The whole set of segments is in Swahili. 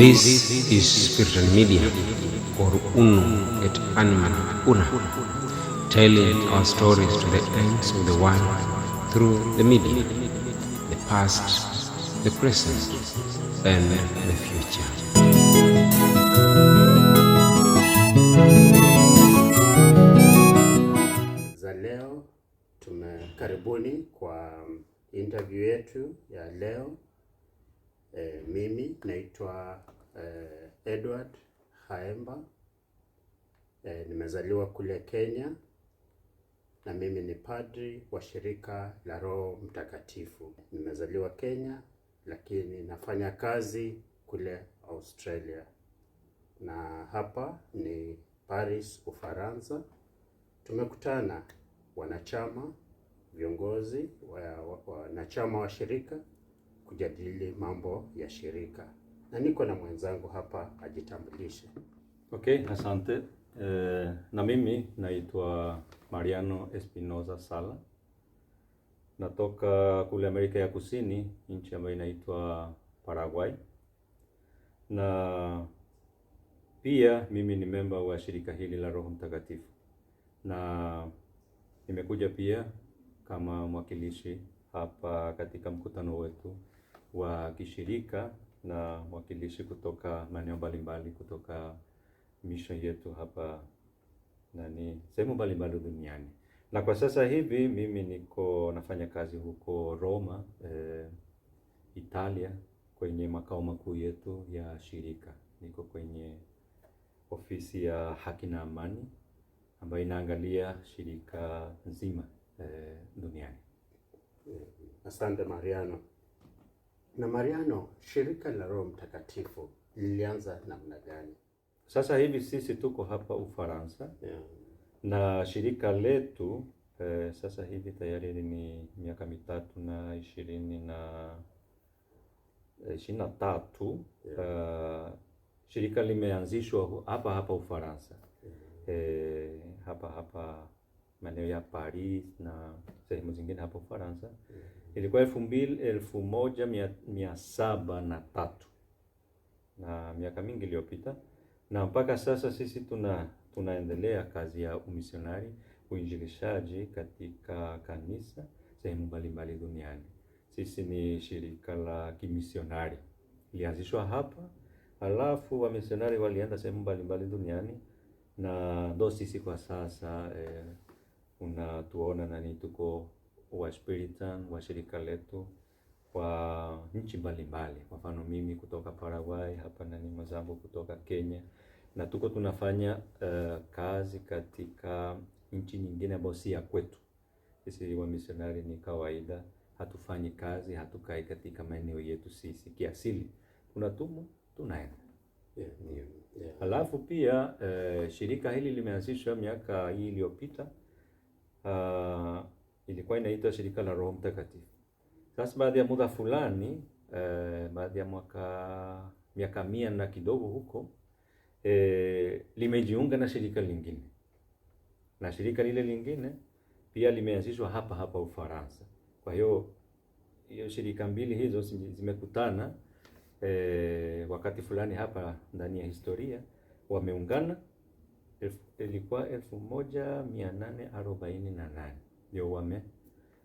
This is Spiritual Media or UNU et Anima Una, telling our stories to the ends of the world through the media, the past, the present, and the future. Zaleo, tumekaribuni kwa interview yetu ya leo E, mimi naitwa e, Edward Haemba e, nimezaliwa kule Kenya na mimi ni padri wa shirika la Roho Mtakatifu. Nimezaliwa Kenya lakini nafanya kazi kule Australia na hapa ni Paris, Ufaransa. Tumekutana wanachama, viongozi, wanachama wa shirika kujadili mambo ya shirika, na niko na mwenzangu hapa ajitambulishe. Okay, asante. Eh, na mimi naitwa Mariano Espinoza Sala, natoka kule Amerika ya Kusini, nchi ambayo inaitwa Paraguay, na pia mimi ni memba wa shirika hili la Roho Mtakatifu na nimekuja pia kama mwakilishi hapa katika mkutano wetu wa kishirika na mwakilishi kutoka maeneo mbalimbali kutoka mission yetu hapa nani sehemu mbalimbali duniani. Na kwa sasa hivi mimi niko nafanya kazi huko Roma eh, Italia kwenye makao makuu yetu ya shirika. Niko kwenye ofisi ya haki na amani ambayo inaangalia shirika nzima eh, duniani. Asante Mariano. Na Mariano, shirika la Roho Mtakatifu lilianza namna gani? Sasa hivi sisi tuko hapa Ufaransa yeah. Na shirika letu eh, sasa hivi tayari ni miaka mitatu na ishirini na eh, ishirini na tatu yeah. Uh, shirika limeanzishwa hapa hapa Ufaransa -hmm. Eh, hapa hapa maeneo ya Paris na sehemu zingine hapa Ufaransa -hmm ilikuwa elfu mbili elfu moja mia, mia saba na tatu na miaka mingi iliyopita, na mpaka sasa sisi tuna tunaendelea kazi ya umisionari uinjilishaji katika kanisa sehemu mbalimbali duniani. Sisi ni shirika la kimisionari ilianzishwa hapa, alafu wamisionari walienda sehemu mbalimbali duniani, na ndo sisi kwa sasa eh, unatuona nani tuko Waspiritan wa shirika letu wa nchi mbalimbali, kwa mfano mimi kutoka Paraguay, hapa nani mwenzangu kutoka Kenya, na tuko tunafanya uh, kazi katika nchi nyingine ambayo si ya kwetu. Sisi wa misionari ni kawaida, hatufanyi kazi, hatukai katika maeneo yetu sisi kiasili, tunatumwa tunaenda. Yeah, yeah, yeah. Alafu pia uh, shirika hili limeanzishwa miaka hii iliyopita uh, ilikuwa inaitwa shirika la Roho Mtakatifu. Sasa baada ya muda fulani eh, baada ya mwaka miaka mia na kidogo huko eh, limejiunga na shirika lingine, na shirika lile lingine pia limeanzishwa hapa hapa Ufaransa. Kwa hiyo hiyo shirika mbili hizo zimekutana eh, wakati fulani hapa ndani ya historia wameungana, ilikuwa elfu moja mia nane arobaini na nane ndio wame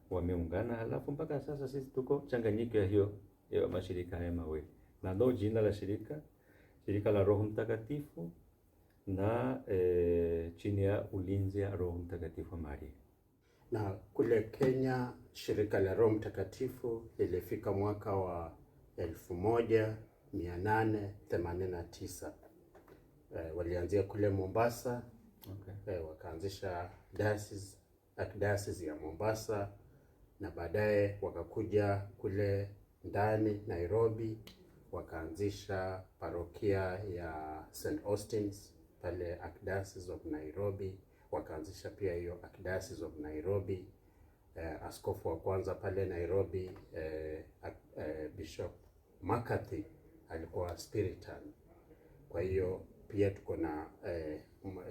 wameungana, halafu mpaka sasa sisi tuko changanyiko ya hiyo ya mashirika haya mawili na ndio jina la shirika shirika la Roho Mtakatifu na e, chini ya ulinzi ya Roho Mtakatifu Maria. Na kule Kenya shirika la Roho Mtakatifu lilifika mwaka wa elfu moja mia nane tisa. E, walianzia kule Mombasa okay. E, wakaanzisha diocese akdasis ya Mombasa na baadaye wakakuja kule ndani Nairobi, wakaanzisha parokia ya St. Austin's pale Archdiocese of Nairobi, wakaanzisha pia hiyo Archdiocese of Nairobi. Eh, askofu wa kwanza pale Nairobi eh, eh, Bishop McCarthy alikuwa Spiritan. Kwa hiyo pia tuko na eh,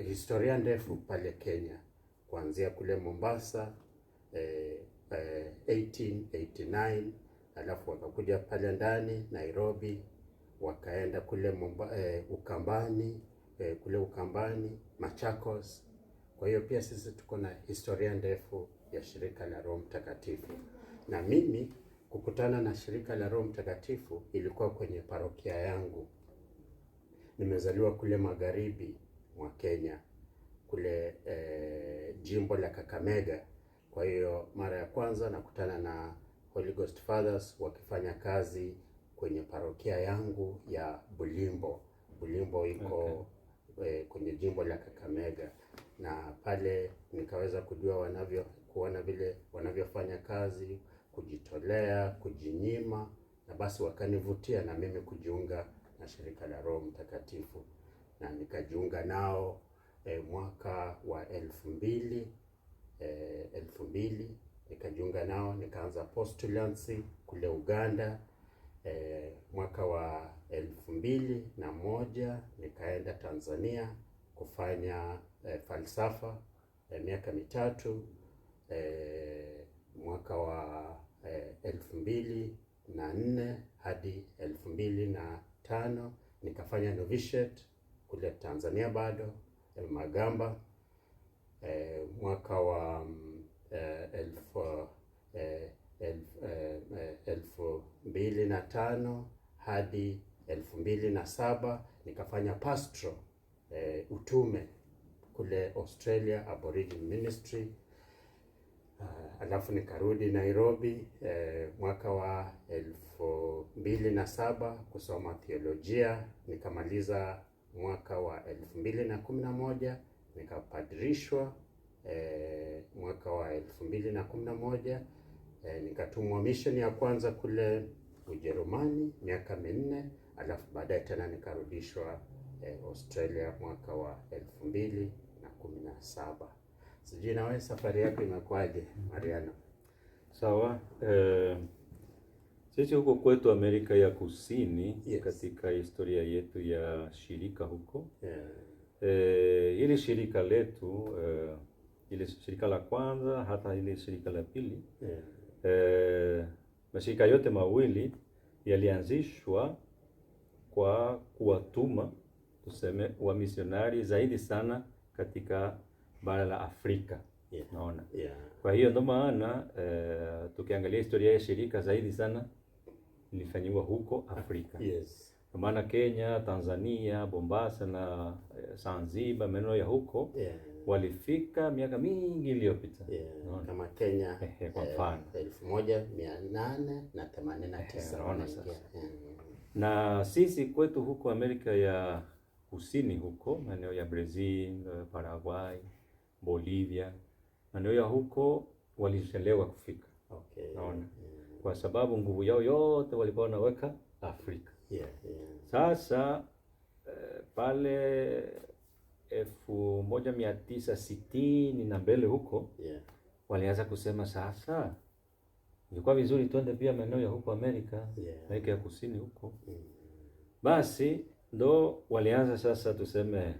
historia ndefu pale Kenya kuanzia kule Mombasa eh, eh, 1889 alafu wakakuja pale ndani Nairobi, wakaenda kule Mumba, eh, Ukambani eh, kule Ukambani Machakos. Kwa hiyo pia sisi tuko na historia ndefu ya shirika la Roho Mtakatifu, na mimi kukutana na shirika la Roho Mtakatifu ilikuwa kwenye parokia yangu. Nimezaliwa kule magharibi mwa Kenya kule e, jimbo la Kakamega. Kwa hiyo mara ya kwanza nakutana na Holy Ghost Fathers wakifanya kazi kwenye parokia yangu ya Bulimbo. Bulimbo iko okay, e, kwenye jimbo la Kakamega, na pale nikaweza kujua wanavyo kuona vile wanavyofanya kazi, kujitolea, kujinyima, na basi wakanivutia na mimi kujiunga na shirika la Roho Mtakatifu na nikajiunga nao e, mwaka wa elfu mbili e, elfu mbili nikajiunga nao nikaanza postulancy kule Uganda. E, mwaka wa elfu mbili na moja nikaenda Tanzania kufanya e, falsafa e, miaka mitatu e, mwaka wa e, elfu mbili na nne hadi elfu mbili na tano nikafanya novishet kule Tanzania bado Eh, Magamba eh, mwaka wa eh, elfu, eh, eh, elfu, mbili na tano hadi elfu mbili na saba nikafanya pastro eh, utume kule Australia Aboriginal Ministry. Uh, alafu nikarudi Nairobi eh, mwaka wa elfu mbili na saba kusoma theolojia nikamaliza mwaka wa elfu mbili na kumi na moja nikapadirishwa eh, mwaka wa elfu mbili na kumi na moja eh, nikatumwa mission ya kwanza kule Ujerumani miaka minne, alafu baadaye tena nikarudishwa e, Australia mwaka wa elfu mbili na kumi na saba. Sijui nawe safari yako imekuwaje Mariano? Sawa, sisi huko kwetu Amerika ya Kusini yes. Katika historia yetu ya shirika huko yeah. E, ili shirika letu e, eh, ile shirika la kwanza hata ile shirika la pili yeah. E, mashirika yote mawili yalianzishwa kwa kuwatuma tuseme wamisionari zaidi sana katika bara la Afrika yeah. Naona yeah. Kwa hiyo ndio maana e, tukiangalia historia ya shirika zaidi sana ilifanyiwa huko Afrika. Yes. Kwa maana Kenya, Tanzania, bombasa na eh, Zanzibar, maeneo ya huko yeah. Walifika miaka mingi iliyopita yeah. Kama Kenya kwa eh, mfano 1889. na sisi kwetu huko Amerika ya Kusini huko maeneo ya Brazil, eh, Paraguay, Bolivia maeneo ya huko walichelewa kufika. Okay. Naona kwa sababu nguvu yao yote walikuwa wanaweka Afrika. yeah, yeah. Sasa eh, pale elfu moja mia tisa sitini na mbele huko yeah. Walianza kusema sasa ilikuwa vizuri twende pia maeneo ya huko Amerika, yeah. Amerika ya Kusini huko mm. Basi ndo walianza sasa tuseme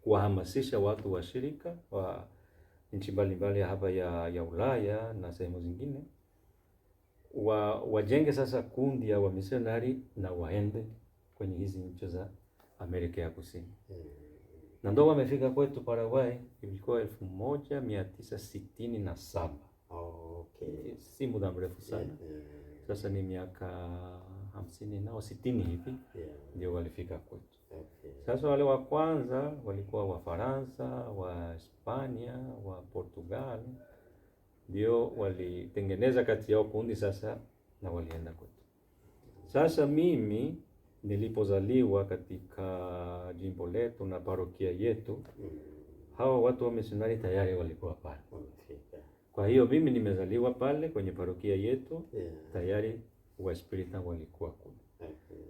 kuwahamasisha watu wa shirika wa nchi mbalimbali hapa ya, ya Ulaya na sehemu zingine wa, wajenge sasa kundi ya wamisionari na waende kwenye hizi nchi za Amerika ya Kusini mm. na ndo wamefika kwetu Paraguay, ilikuwa elfu moja mia tisa sitini na saba. Oh, okay. si muda mrefu sana yeah, Sasa ni miaka hamsini nao sitini hivi yeah. Ndio walifika kwetu okay. Sasa wale wa kwanza walikuwa wa wa faransa wa Portugal, Waportugal ndio walitengeneza kati yao kundi sasa, na walienda kwetu. Sasa mimi nilipozaliwa katika jimbo letu na parokia yetu, hawa watu wa misionari tayari walikuwa pale. Kwa hiyo mimi nimezaliwa pale kwenye parokia yetu, tayari waspirita walikuwa kule.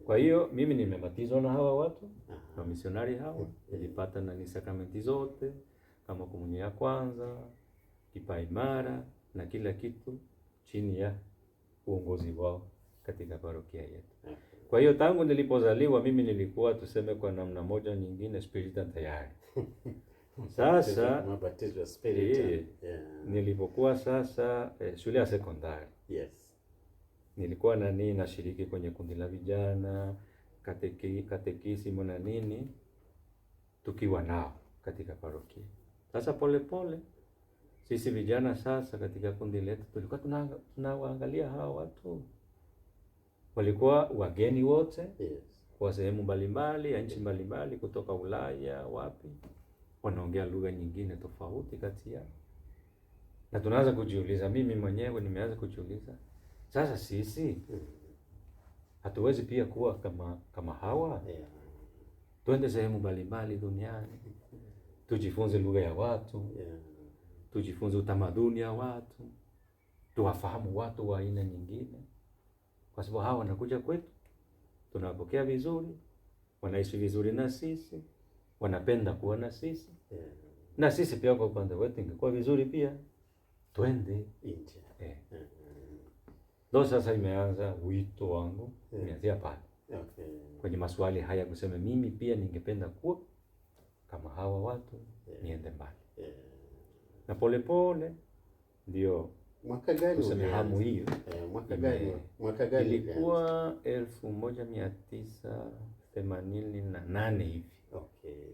Kwa hiyo mimi nimebatizwa na hawa watu wa misionari hawa, nilipata na sakramenti zote kama komunio ya kwanza kipaimara na kila kitu chini ya uongozi wao katika parokia yetu. Mm-hmm. Kwa hiyo tangu nilipozaliwa mimi nilikuwa tuseme, kwa namna moja nyingine, spirita tayari. Sasa e, yeah. Nilipokuwa sasa eh, shule ya sekondari yes. Nilikuwa nani nashiriki kwenye kundi la vijana kateki, katekisimu na nini tukiwa nao katika parokia sasa polepole pole, sisi vijana sasa katika kundi letu tulikuwa tunawaangalia tuna hawa watu walikuwa wageni wote, yes. Kwa sehemu mbalimbali ya nchi mbalimbali kutoka Ulaya wapi, wanaongea lugha nyingine tofauti kati yao, na tunaanza kujiuliza, mimi mwenyewe nimeanza kujiuliza sasa, sisi hatuwezi pia kuwa kama kama hawa yeah. Twende sehemu mbalimbali duniani tujifunze lugha ya watu yeah tujifunze utamaduni ya watu, tuwafahamu watu wa aina nyingine, kwa sababu hawa wanakuja kwetu, tunawapokea vizuri, wanaishi vizuri na sisi, wanapenda kuwa na sisi yeah. Na sisi pia kwa upande wetu ingekuwa vizuri pia twende nje eh. mm -hmm. Ndo sasa imeanza wito wangu yeah. Nianzia pale okay. Kwenye maswali haya kusema mimi pia ningependa kuwa kama hawa watu yeah. Niende mbali yeah na polepole ndio mwaka gani hamu hiyo eh, ilikuwa elfu moja mia tisa themanini na nane hivi okay.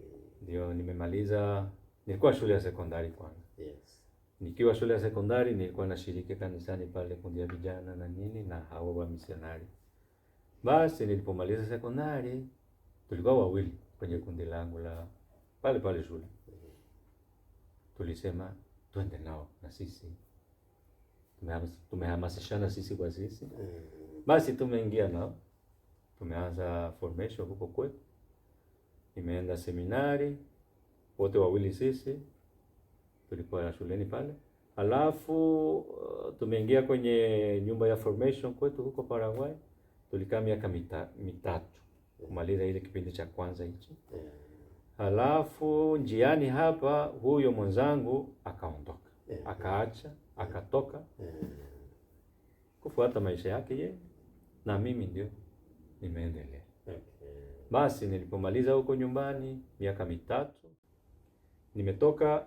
Ndio nimemaliza, nilikuwa shule ya sekondari kwanza. Yes. Nikiwa shule ya sekondari nilikuwa nashiriki kanisani pale, kundi ya vijana na nini na hawa wa misionari. Basi nilipomaliza sekondari tulikuwa wawili kwenye kundi langu la pale pale shule, mm-hmm. tulisema tuende nao na sisi tumehamasishana sisi kwa sisi, mm. basi tumeingia nao, tumeanza formation huko kwetu, imeenda seminari wote wawili sisi tulikuwa shuleni pale, alafu uh, tumeingia kwenye nyumba ya formation kwetu huko Paraguay, tulikaa miaka mitatu kumaliza ile kipindi cha kwanza hichi. Mm. Halafu njiani hapa huyo mwenzangu akaondoka, yeah. Akaacha, eh. akatoka, yeah. kufuata maisha yake ye, na mimi ndio nimeendelea, okay. Basi nilipomaliza huko nyumbani miaka mitatu, nimetoka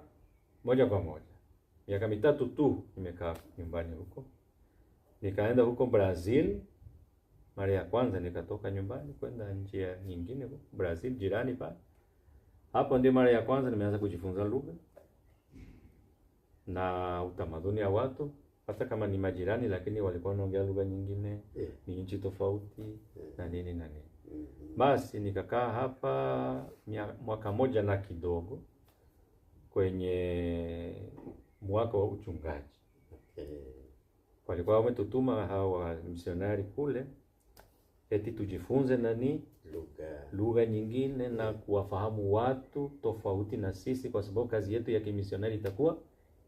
moja kwa moja, miaka mitatu tu nimekaa nyumbani huko, nikaenda huko Brazil mara ya kwanza, nikatoka nyumbani kwenda njia nyingine huko Brazil jirani pale hapo ndio mara ya kwanza nimeanza kujifunza lugha na utamaduni wa watu, hata kama ni majirani, lakini walikuwa wanaongea lugha nyingine, eh. ni nchi tofauti eh. na nini na nini. Mm-hmm. Basi nikakaa hapa mwaka moja na kidogo kwenye mwaka wa uchungaji. Walikuwa wametutuma hawa misionari kule eti tujifunze nani lugha nyingine na eh. kuwafahamu watu tofauti na sisi, kwa sababu kazi yetu ya kimisionari itakuwa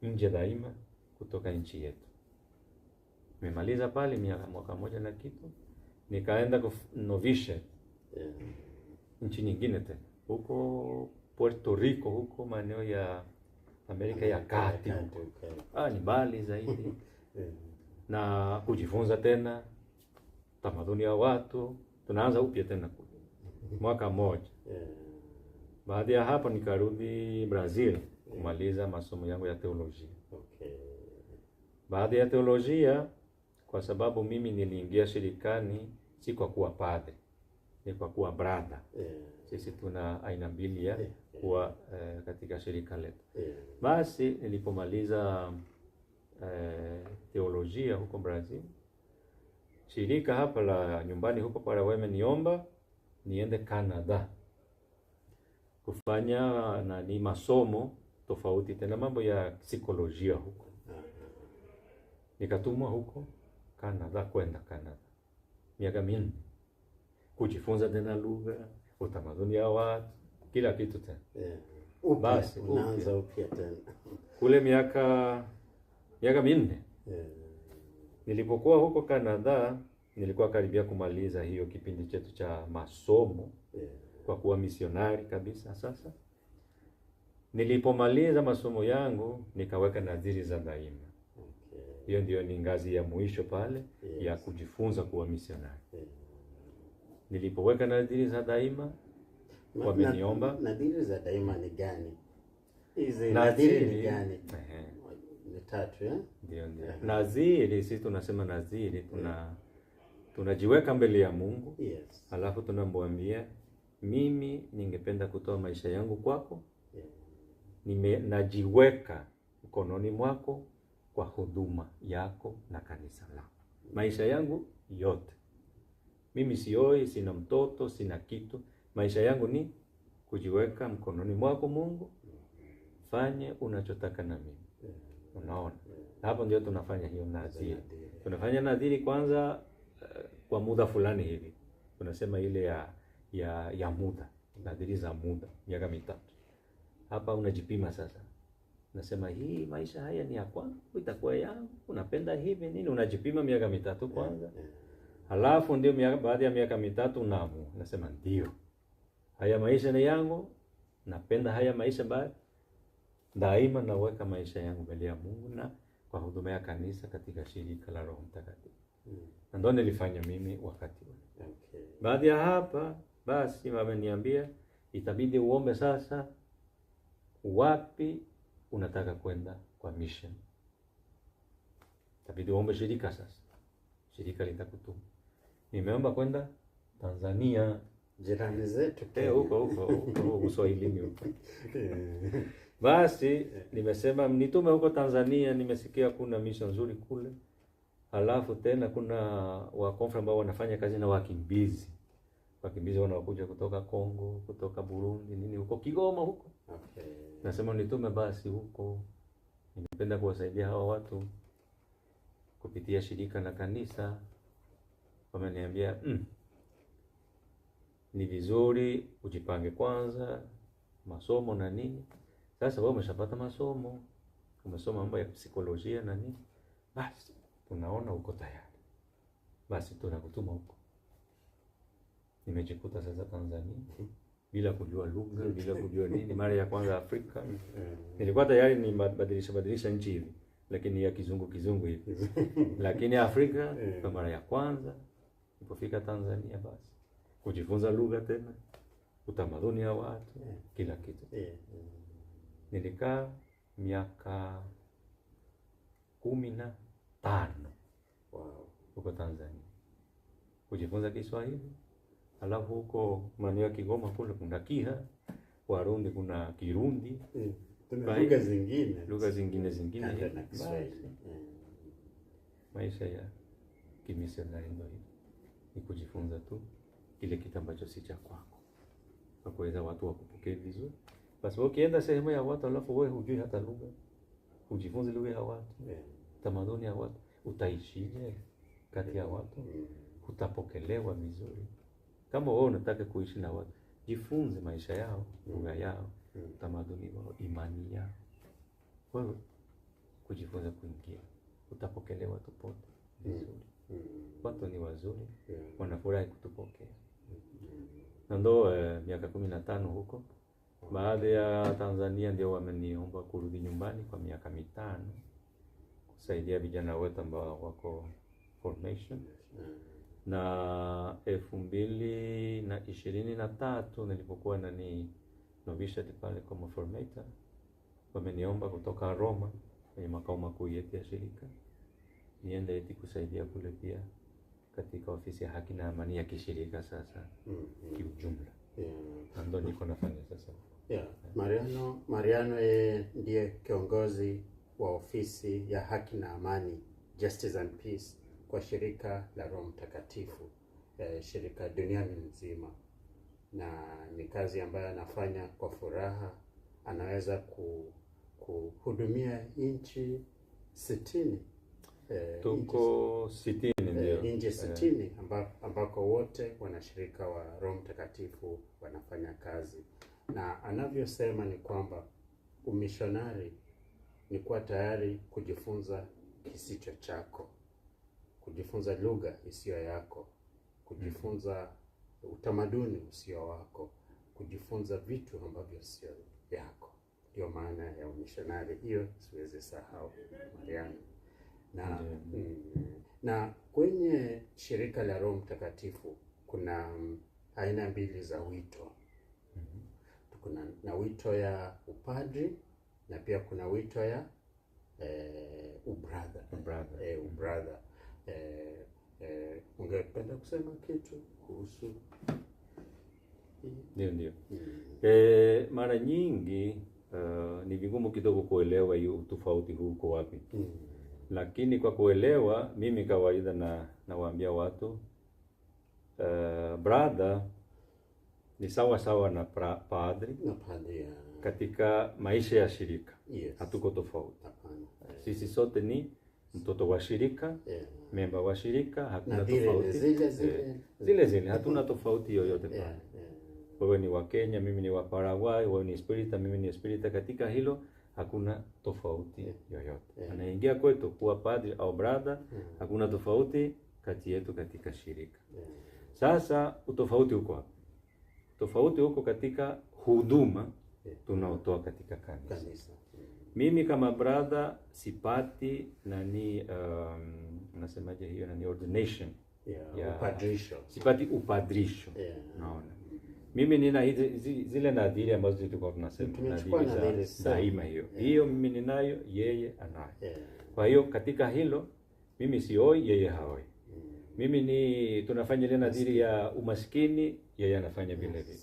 nje daima kutoka nchi yetu. Nimemaliza pale miaka mwaka moja na kitu, nikaenda novishe eh. nchi nyingine tena huko Puerto Rico, huko maeneo ya Amerika ya Kati Ah, ni mbali zaidi eh. na kujifunza tena tamaduni ya watu, tunaanza upya tena kule mwaka mmoja. Baada ya hapo nikarudi Brazil kumaliza masomo yangu ya teolojia. Okay. Baada ya teolojia, kwa sababu mimi niliingia shirikani si kwa kuwa padre, ni kwa kuwa brada. Sisi tuna aina mbili ya kuwa eh, katika shirika letu. Basi nilipomaliza eh, teolojia huko Brazil, shirika hapa la nyumbani huko Paraguay wameniomba niende Canada kufanya nani masomo tofauti, tena mambo ya psikolojia huko. Nikatumwa huko Canada, kwenda Canada miaka minne kujifunza tena lugha, utamaduni ya watu, kila kitu tena yeah. Basi unaanza upya tena kule miaka miaka minne yeah. Nilipokuwa huko Canada nilikuwa karibia kumaliza hiyo kipindi chetu cha masomo yeah. Kwa kuwa misionari kabisa sasa. Nilipomaliza masomo yangu nikaweka nadhiri za daima okay. Hiyo ndio ni ngazi ya mwisho pale yes. ya kujifunza kuwa misionari yeah. Nilipoweka nadhiri za daima wameniomba. Nadhiri za daima ni gani? Hizi nadhiri ni gani? Ni tatu eh? Ndio ndio. Eh. Nadhiri sisi tunasema nadhiri tuna tunajiweka mbele ya Mungu yes. Alafu tunamwambia mimi ningependa kutoa maisha yangu kwako yeah. Nime, najiweka mkononi mwako kwa huduma yako na kanisa lako, maisha yangu yote. Mimi sioi, sina mtoto, sina kitu. Maisha yangu ni kujiweka mkononi mwako Mungu, fanye unachotaka na mimi. Unaona, hapo ndio tunafanya hiyo nadhiri. Tunafanya nadhiri kwanza kwa muda fulani hivi, unasema ile ya ya ya muda, nadhiri za muda, miaka mitatu. Hapa unajipima sasa, nasema hii maisha haya ni ya kwangu, itakuwa yangu, unapenda hivi nini, unajipima miaka mitatu kwanza, halafu ndio baada ya miaka mitatu namu nasema ndio, haya maisha ni yangu, napenda haya maisha ba daima naweka maisha yangu mbele ya Mungu na kwa huduma ya kanisa katika shirika la Roho Mtakatifu na ndo nilifanya mimi wakati ule. Okay. Baada ya hapa basi wameniambia itabidi uombe sasa, wapi unataka kwenda kwa mission, itabidi uombe shirika sasa, shirika litakutuma. Nimeomba kwenda Tanzania, jirani zetu eh, huko huko huko uswahilini huko basi nimesema nitume huko Tanzania, nimesikia kuna mission nzuri kule Halafu tena kuna wakonfra ambao wanafanya kazi na wakimbizi, wakimbizi wanaokuja kutoka Kongo, kutoka Burundi, nini huko Kigoma huko okay. Nasema nitume basi huko, ningependa kuwasaidia hawa watu kupitia shirika la kanisa. Wameniambia mm, ni vizuri ujipange kwanza masomo na nini. Sasa wewe umeshapata masomo, umesoma mambo ya psikolojia na nini, basi unaona uko tayari, basi tunakutuma huko. Nimejikuta sasa Tanzania bila kujua lugha bila kujua nini. Mara ya kwanza Afrika eh. nilikuwa tayari ni badilisha badilisha nchi hivi, lakini ya kizungu kizungu hivi, lakini Afrika eh. kwa mara ya kwanza nilipofika Tanzania, basi kujifunza lugha tena, utamaduni wa watu, eh. kila kitu. Nilikaa miaka kumi na tano huko Tanzania kujifunza Kiswahili. Alafu huko maeneo ya Kigoma kule kuna Kiha, Warundi kuna Kirundi, mm. lugha zingine lugha zingine zingine, mm. maisha ya kimisionari ndio ni kujifunza tu kile kitu ambacho si cha kwako, kuweza watu wakupokee vizuri. Basi ukienda sehemu ya watu alafu wewe hujui hata lugha, ujifunze lugha ya watu yeah tamaduni ya watu utaishije kati ya watu? Mm. Utapokelewa vizuri? Kama wewe unataka kuishi na watu, jifunze maisha yao, lugha mm. yao, mm. tamaduni wao, imani yao. Kwa hiyo kujifunza kuingia, utapokelewa tupote vizuri. Watu ni wazuri, wanafurahi kutupokea na ndo eh, miaka kumi na tano huko, baadhi ya Tanzania ndio wameniomba kurudi nyumbani kwa miaka mitano saidia vijana wetu ambao wako formation na elfu mbili na ishirini na tatu nilipokuwa nani novisha pale kama formator, wameniomba kutoka Roma kwenye makao makuu yetu ya shirika niende eti kusaidia kule pia katika ofisi ya haki na amani ya kishirika sasa mm, mm, kiujumla yeah. Ndo niko nafanya sasa yeah. Yeah. Mariano, Mariano yeye eh, ndiye kiongozi wa ofisi ya haki na amani Justice and Peace kwa shirika la Roho Mtakatifu eh, shirika duniani nzima, na ni kazi ambayo anafanya kwa furaha. Anaweza ku, kuhudumia nchi sitini eh, tuko sitini eh, ndio nchi eh. sitini eh, ambako wote wanashirika wa Roho Mtakatifu wanafanya kazi, na anavyosema ni kwamba umishonari ni kuwa tayari kujifunza kisicho chako, kujifunza lugha isiyo yako, kujifunza utamaduni usio wako, kujifunza vitu ambavyo sio yako. Ndio maana ya umishonari, hiyo siwezi sahau Mariani. Na, mm, na kwenye shirika la Roho Mtakatifu kuna mm, aina mbili za wito. Mhm. Kuna na wito ya upadri na pia kuna wito ya eh, ubrother ubrother, eh, ubrother. Eh, eh, ungependa kusema kitu kuhusu ndio ndio. Mm. Eh, mara nyingi uh, ni vigumu kidogo kuelewa hiyo utofauti huu uko wapi. Mm. Lakini kwa kuelewa, mimi kawaida na nawaambia watu uh, brother ni sawa sawa na pra, padri na padri ya katika maisha ya shirika yes. Hatuko tofauti sisi sote ni mtoto wa shirika yeah. Memba wa shirika, hakuna tofauti zile eh, zile, zile zile, hatuna tofauti yoyote pale yeah. Wewe ni wa Kenya, mimi ni wa Paraguay, wewe ni Spirita, mimi ni Spirita. Katika hilo hakuna tofauti yeah. yoyote yeah. Anaingia kwetu kuwa padri au brada yeah. Hakuna tofauti kati yetu katika shirika yeah. Sasa utofauti uko wapi? tofauti uko katika huduma Eh, tunaotoa katika kanisa, kanisa. Mimi kama brother sipati nani, um, nasemaje hiyo nani ordination yeah, ya upadrisho. Sipati upadrisho yeah. Naona mimi nina hizi zile nadhiri ambazo tulikuwa tunasema nadhiri za daima, hiyo yeah. Hiyo mimi ninayo, yeye anayo yeah. Kwa hiyo katika hilo mimi sioi, yeye haoi yeah. Mm. Mimi ni tunafanya ile nadhiri ya umaskini, yeye anafanya vile vile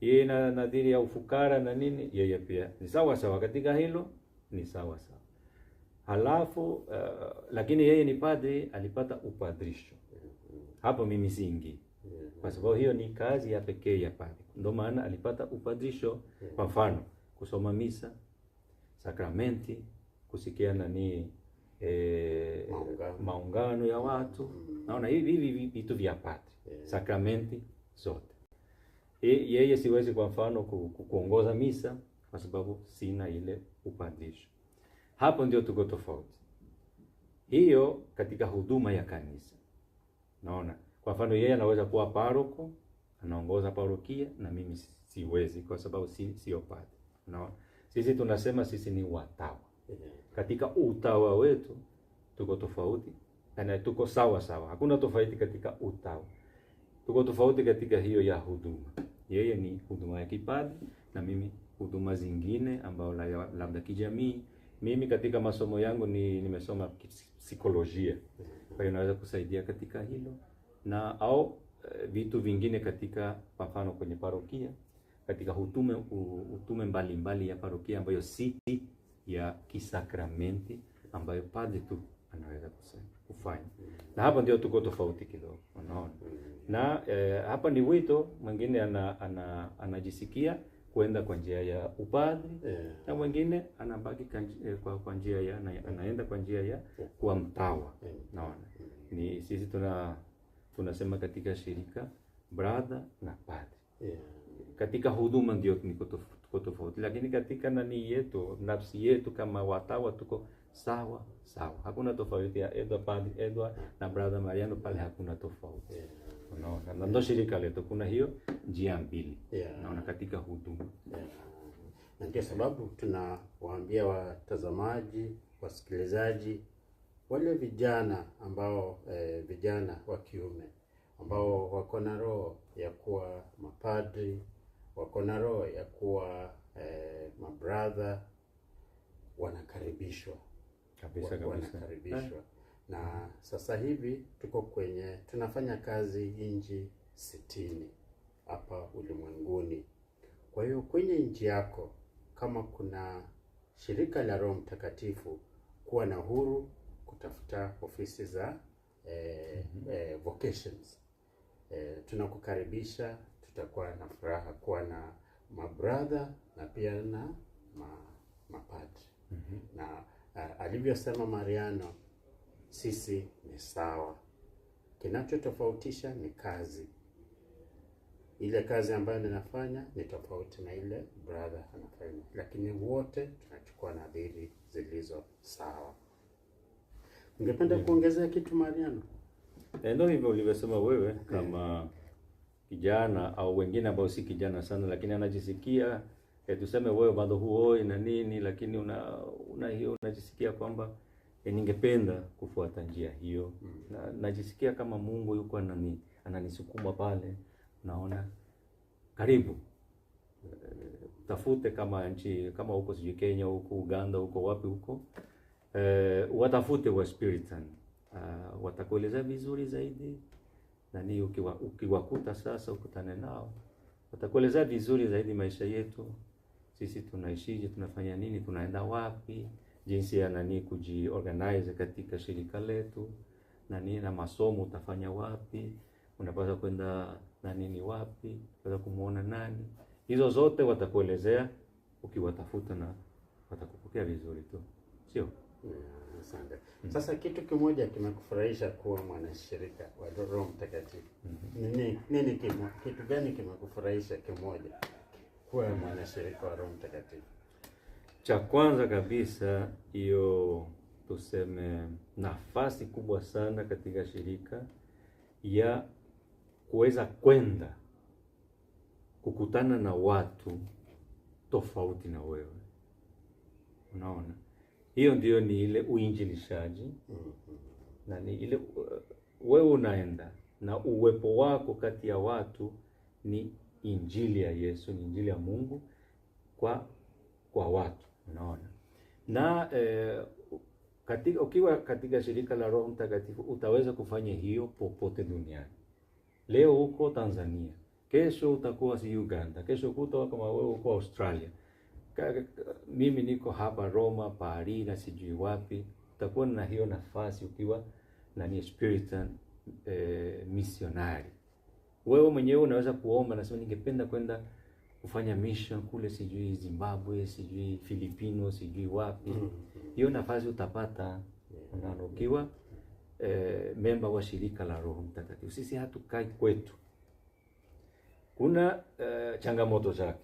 yeye na nadhiri ya ufukara na nini, yeye pia ni sawa sawa katika hilo, ni sawa sawa. Halafu uh, lakini yeye ni padri, alipata upadrisho. Hapo mimi singi kwa sababu hiyo ni kazi ya pekee ya padri. Ndio maana alipata upadrisho, kwa mfano kusoma misa, sakramenti, kusikia nani E, maungano. maungano ya watu mm. naona hivi hivi vitu vya padri eh. sakramenti zote. E, yeye siwezi kwa mfano kuongoza misa kwa sababu sina ile upadrisho. Hapo ndio tuko tofauti. Hiyo katika huduma ya kanisa, naona kwa mfano yeye anaweza kuwa paroko, anaongoza parokia na mimi siwezi kwa sababu si sio padri. Naona sisi tunasema sisi ni watawa. Katika utawa wetu tuko tofauti na tuko sawa sawa, hakuna tofauti katika utawa, tuko tofauti katika hiyo ya huduma. Yeye ni huduma ya kipadi na mimi huduma zingine ambayo labda kijamii. Mimi katika masomo yangu ni nimesoma psikolojia, kwa hiyo naweza kusaidia katika hilo na au eh, vitu vingine katika kwa mfano kwenye parokia katika hutume hutume mbalimbali ya parokia ambayo si ya kisakramenti ambayo padre tu anaweza kufanya, na hapo ndio tuko tofauti kidogo, unaona na eh, hapa ni wito mwingine ana, ana, anajisikia kuenda kwa njia ya upadri yeah. na mwingine anabaki kwa, eh, kwa njia ya anaenda kwa njia ya kuwa mtawa yeah. Naona ni sisi tuna tunasema katika shirika brother na padri yeah. Katika huduma ndio niko tofauti, lakini katika nani yetu nafsi yetu kama watawa tuko sawa sawa, hakuna tofauti ya Edward, padri Edward na brother Mariano, pale hakuna tofauti yeah unaona na Ndio shirika letu kuna hiyo njia mbili yeah. Naona katika huduma yeah. Na ndio sababu tunawaambia watazamaji, wasikilizaji, wale vijana ambao eh, vijana wa kiume ambao wako na roho ya kuwa mapadri, wako na roho ya kuwa eh, mabradha, wanakaribishwa kabisa kabisa, wanakaribishwa eh na sasa hivi tuko kwenye tunafanya kazi nchi sitini hapa ulimwenguni. Kwa hiyo kwenye nchi yako kama kuna shirika la Roho Mtakatifu, kuwa na huru kutafuta ofisi za eh, mm-hmm. eh, vocations eh, tunakukaribisha. Tutakuwa na furaha kuwa na mabradha na pia na mapadri ma mm -hmm. na uh, alivyosema Mariano sisi ni sawa. Kinachotofautisha ni kazi. Ile kazi ambayo ninafanya ni tofauti na ile brother anafanya, lakini wote tunachukua nadhiri zilizo sawa. Ungependa -hmm. kuongezea kitu Mariano? Eh, ndio hivyo ulivyosema wewe eh. kama kijana au wengine ambao si kijana sana, lakini anajisikia e, tuseme wewe bado huoi na nini, lakini una, una hiyo unajisikia kwamba E, ningependa kufuata njia hiyo mm. Na najisikia kama Mungu yuko anani, ananisukuma pale, naona karibu e, tafute kama nchi kama huko sijui Kenya huko Uganda huko wapi huko e, watafute wa Spiritan uh, watakuelezea vizuri zaidi nani, ukiwa, ukiwakuta sasa ukutane nao watakuelezea vizuri zaidi maisha yetu sisi tunaishije, tunafanya nini, tunaenda wapi jinsi ya nani kujiorganize katika shirika letu, nani na masomo utafanya wapi, unapaswa kwenda nani ni wapi, unapaswa kumuona nani. Hizo zote watakuelezea ukiwatafuta, na watakupokea vizuri tu, sio? Mm, asante. Mm. Sasa kitu kimoja kimekufurahisha kuwa mwanashirika wa Roho Mtakatifu. Mm. Nini nini kimo, kitu gani kimekufurahisha kimoja kuwa mwanashirika wa Roho Mtakatifu? cha kwanza kabisa, hiyo tuseme nafasi kubwa sana katika shirika ya kuweza kwenda kukutana na watu tofauti na wewe, unaona, hiyo ndio ni ile uinjilishaji mm -hmm. na ni ile uh, wewe unaenda na uwepo wako kati ya watu ni injili ya Yesu, ni injili ya Mungu kwa kwa watu Unaona, na eh, katika, ukiwa katika shirika la Roho Mtakatifu utaweza kufanya hiyo popote duniani. Leo huko Tanzania, kesho utakuwa si Uganda, kesho kutwa kama wewe uko Australia, mimi niko hapa Roma, Paris na sijui wapi. Utakuwa na hiyo nafasi ukiwa ni spirit eh, missionary. Wewe mwenyewe unaweza kuomba, nasema ningependa kwenda kufanya mission kule, sijui Zimbabwe, sijui Filipino, sijui wapi. Mm-hmm. Hiyo mm -hmm. nafasi utapata unaona, ukiwa eh, memba wa shirika la Roho Mtakatifu. Sisi hatukai kwetu, kuna eh, changamoto zake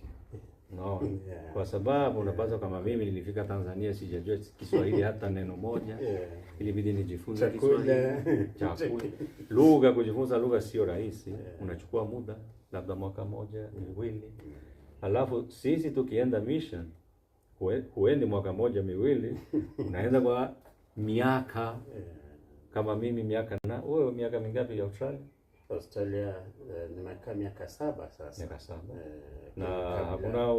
No, yeah. Kwa sababu unapaswa, kama mimi nilifika Tanzania sijajua Kiswahili hata neno moja yeah. Ilibidi nijifunze Kiswahili, chakula, lugha. Kujifunza lugha sio rahisi yeah. Unachukua muda labda mwaka moja miwili mm. yeah. Mm. Alafu sisi tukienda mission huendi mwaka moja miwili, unaenda kwa miaka eh. kama mimi miaka na wewe miaka mingapi ya Australia? Australia eh, nimekaa miaka saba sasa. Miaka saba. Eh, na hakuna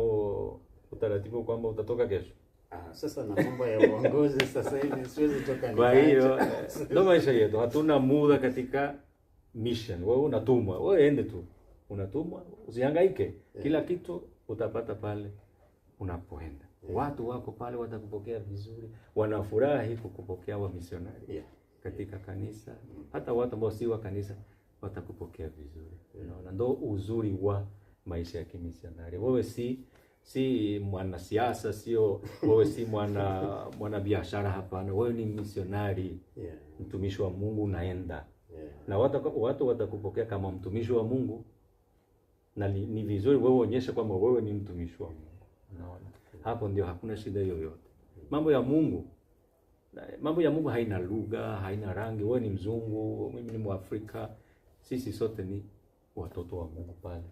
utaratibu kwamba utatoka kesho. Ah, sasa na mambo ya uongozi sasa hivi siwezi toka Kwa hiyo ndio maisha yetu, hatuna muda katika mission. Wewe unatumwa, wewe ende tu, unatumwa, usihangaike kila kitu utapata pale unapoenda. Watu wako pale watakupokea vizuri, wanafurahi kukupokea wamisionari katika kanisa, hata watu ambao si wa kanisa watakupokea vizuri. Unaona, ndo uzuri wa maisha ya kimisionari. Wewe si si mwanasiasa, sio wewe, si mwana mwanabiashara, hapana. Wewe ni misionari, mtumishi wa Mungu, unaenda na watu watu watakupokea kama mtumishi wa Mungu na ni, ni vizuri wewe uonyeshe kwamba wewe ni mtumishi wa Mungu. Unaona, hapo ndio hakuna shida yoyote. Mambo ya Mungu, mambo ya Mungu haina lugha, haina rangi. Wewe ni mzungu, mimi ni Mwafrika, sisi sote ni watoto wa Mungu pale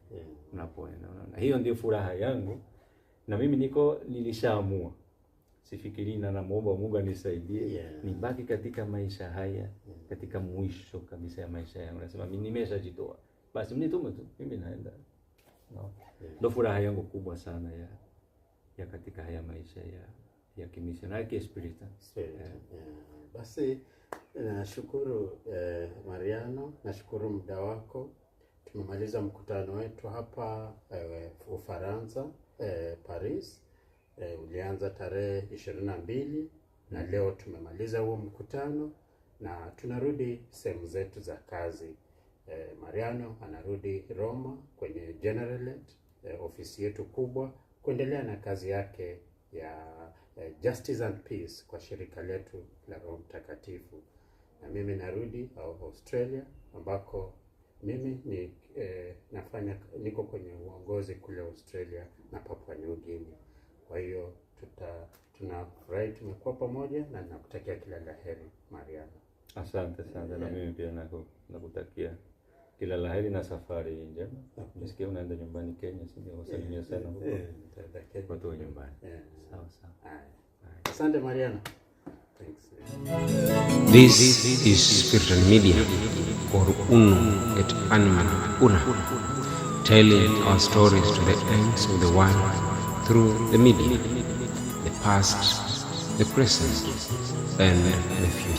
unapoenda. Unaona, hiyo ndio furaha yangu, na mimi niko nilishaamua sifikiri na namuomba Mungu anisaidie yeah. Nibaki katika maisha haya, katika mwisho kabisa ya maisha yangu nasema mimi nimeshajitoa, basi mnitume tu, mimi naenda. Ndo furaha yangu kubwa sana ya ya katika haya maisha ya ya kimisionari kiespirita yeah. Eh. yeah. Basi eh, nashukuru eh, Mariano, nashukuru muda wako. Tumemaliza mkutano wetu hapa eh, Ufaransa eh, Paris eh, ulianza tarehe ishirini na mbili na mm-hmm. leo tumemaliza huo mkutano na tunarudi sehemu zetu za kazi eh, Mariano anarudi Roma kwenye Generalet, eh, ofisi yetu kubwa kuendelea na kazi yake ya eh, Justice and Peace kwa shirika letu la Roho Mtakatifu, na mimi narudi eh, Australia ambako mimi ni eh, nafanya niko kwenye uongozi kule Australia na Papua New Guinea. Kwa hiyo tuta tunafurahi tumekuwa pamoja na nakutakia kila la heri Mariano. Asante sana, na eh. mimi pia nakutakia kila la na safari njema. Nisikie unaenda nyumbani Kenya, singewasalimia eh, sana huko eh, eh, watu wa nyumbani. Sawa sawa, asante Mariana. This is Spiritual Media or Uno et Anima Una, telling our stories to the ends of the world through the media, the past, the present, and the future.